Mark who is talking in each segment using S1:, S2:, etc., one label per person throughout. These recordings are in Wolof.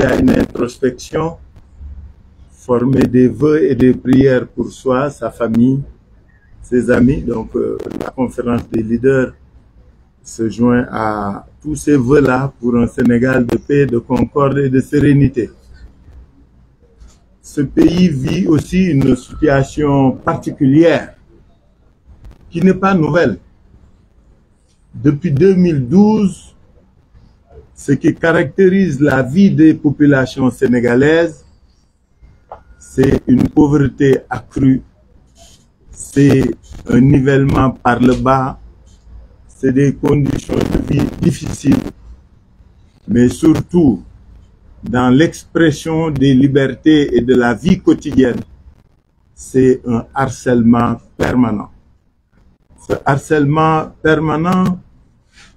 S1: a une introspection, former des vœux et des prières pour soi, sa famille, ses amis. Donc euh, la conférence des leaders se joint à tous ces vœux-là pour un Sénégal de paix, de concorde et de sérénité. Ce pays vit aussi une situation particulière qui n'est pas nouvelle. Depuis 2012, ce qui caractérise la vie des populations sénégalaises, c'est une pauvreté accrue, c'est un nivellement par le bas, c'est des conditions de vie difficiles, mais surtout dans l'expression des libertés et de la vie quotidienne, c'est un harcèlement permanent. Ce harcèlement permanent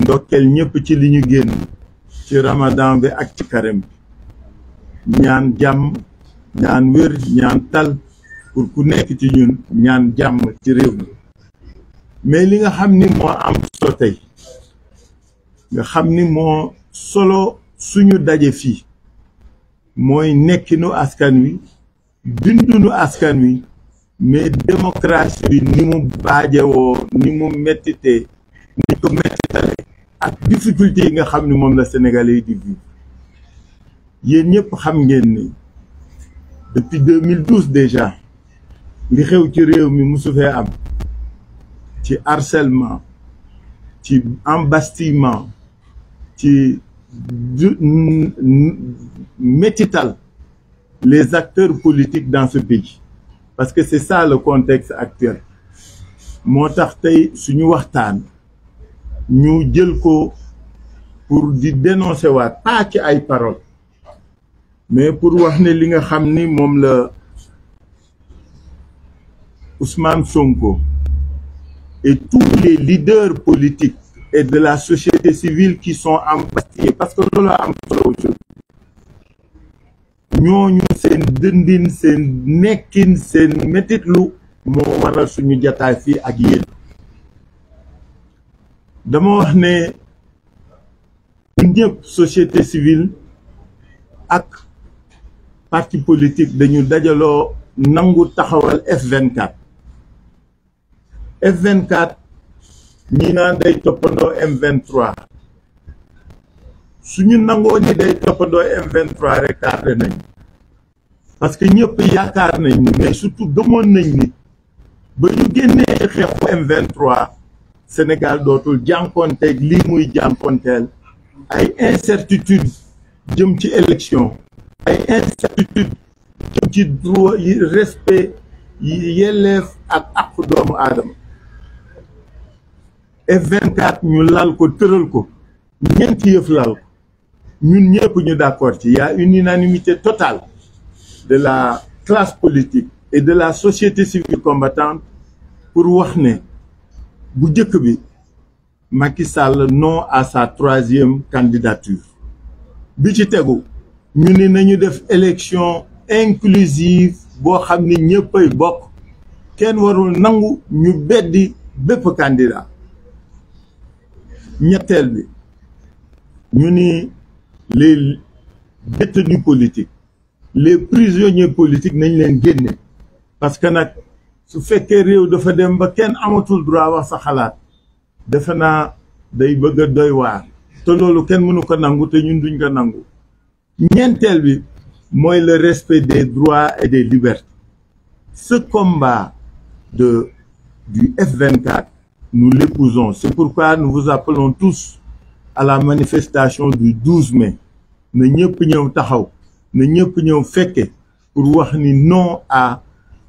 S1: ndokkeel ñëpp ci li ñu génn ci ramadan bi ak ci carême bi ñaan jàmm ñaan wér ñaan tal pour ku nekk ci ñun ñaan jàmm ci réew mi mais li nga xam ni moo am solo tey nga xam ni moo solo suñu daje fii mooy nekkinu askan wi bindunu askan wi mais démocratie bi ni mu baajewoo ni mu mettitee ni ko mettitale ak difficulté yi nga xam ni moom la Sénégalais yi di vivre yéen ñëpp xam ngeen ni depuis 2012 déjà li xew ci réew mi musu am ci harcèlement ci embastillement ci métital les acteurs politiques dans ce pays parce que c'est ça le contexte actuel moo tax tey suñu waxtaan nous jël pour dénoncer wa pas ay paroles mais pour wax li nga Ousmane Sonko et tous les leaders politiques et de la société civile qui sont embastillés parce que nous am nous nous sen nous nous suñu ak dama wax ne ñëpp société civile ak parti politique dañu dajaloo nangu taxawal F24 F24 ñi naan day toppandoo m suñu nangoo ni day toppandoo M23 rek tardé nañu parce que ñëpp yaakaar nañ ni mais surtout gëmoon nañ ni ba ñu génnee xeexu m Sénégal dootul jànkonteeg lii muy a une incertitude d'une petite élection ay incertitude d'un ci droit le respect a yelleef ak à doomu Et Et 24 ñu lal ko tëral ko ñeenti Nous lal ko d'accord Il y a une unanimité totale de la classe politique et de la société civile combattante pour voir bu njëkk bi Macky Sall non à sa troisième candidature bi ci tegu ñu ni nañu def élection inclusive boo xam ni ñëppay bokk warul nangu ñu beddi bépp candidat Nous bi ni les détenus politiques les prisonniers politiques nañ leen génne parce que a su fekke réew dafa dem ba kenn amatul droit wax sa xalaat defe naa day bëgg a doy waar te loolu kenn mënu ko nangu te ñun duñ ko nangu ñeenteel bi mooy le respect des droits et des libertés ce combat de du F24 nous l'épousons c'est pourquoi nous vous appelons tous à la manifestation du 12 mai ne ñëpp ñëw taxaw ne ñëpp ñëw fekke pour wax ni non à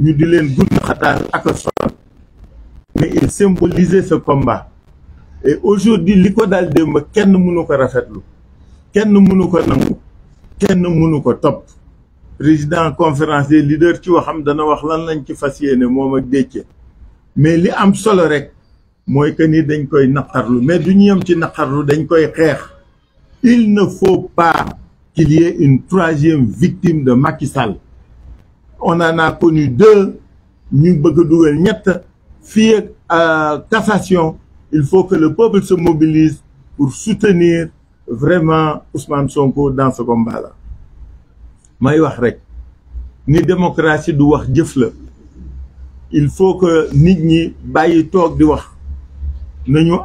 S1: ñu di leen gudd xataal ak a sonal mais il symbolisait ce combat et aujourd'hui li ko daal démb kenn mënu ko rafetlu kenn mënu ko nangu kenn mënu ko topp président conférencier leader leaders ci waxam dana wax lan lañ ci fas yéene moom ak décce mais li am solo rek mooy que ni dañ koy naqarlu mais du ñu yem ci naqarlu dañ koy xeex il ne faut pas qu'il y ait une troisième victime de Macky Sall on en a connu deux ñu bëgg a ñett cassation il faut que le peuple se mobilise pour soutenir vraiment Ousmane Sonko dans ce combat là may wax rek ni démocratie du wax jëf il faut que nous, ñi bàyyi tok di wax nañu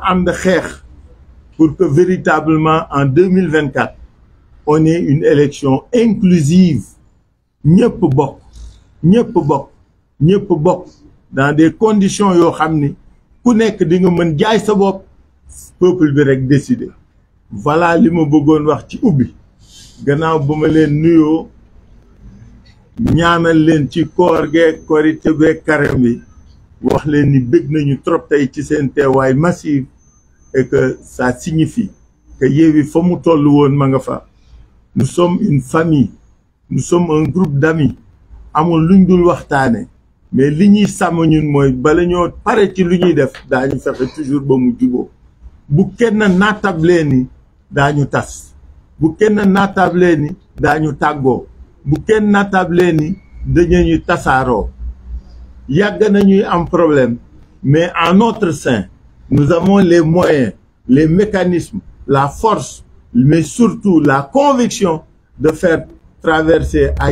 S1: pour que véritablement en 2024, on ait une élection inclusive ñepp bokk ñepp bok ñepp bok dans des conditions yo xamni ku nek di nga mën jaay sa bopp peuple bi rek décider voilà li ma bëggoon wax ci ubi gannaaw ba ma leen nuyo ñaanal leen ci koor ge korite beeg carême bi wax leen ni bëgg nañu trop tey ci seen teewaay massive et que ça signifie que yéwi fa mu toll woon ma nga fa nous sommes une famille nous sommes un groupe d'amis amul luñ dul waxtane mais liñuy ñuy sàmm ñun mooy bala ñoo pare ci luñuy def dañu fexe toujours ba mu juboo bu kenn naatable ni dañu tas bu kenn naatable ni dañu taggo bu kenn naatable ni dañu tassaro yag nañuy am problème mais en notre sein nous avons les moyens les mécanismes la force mais surtout la conviction de faire traverser à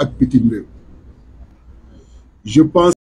S1: ak bitim réew je pense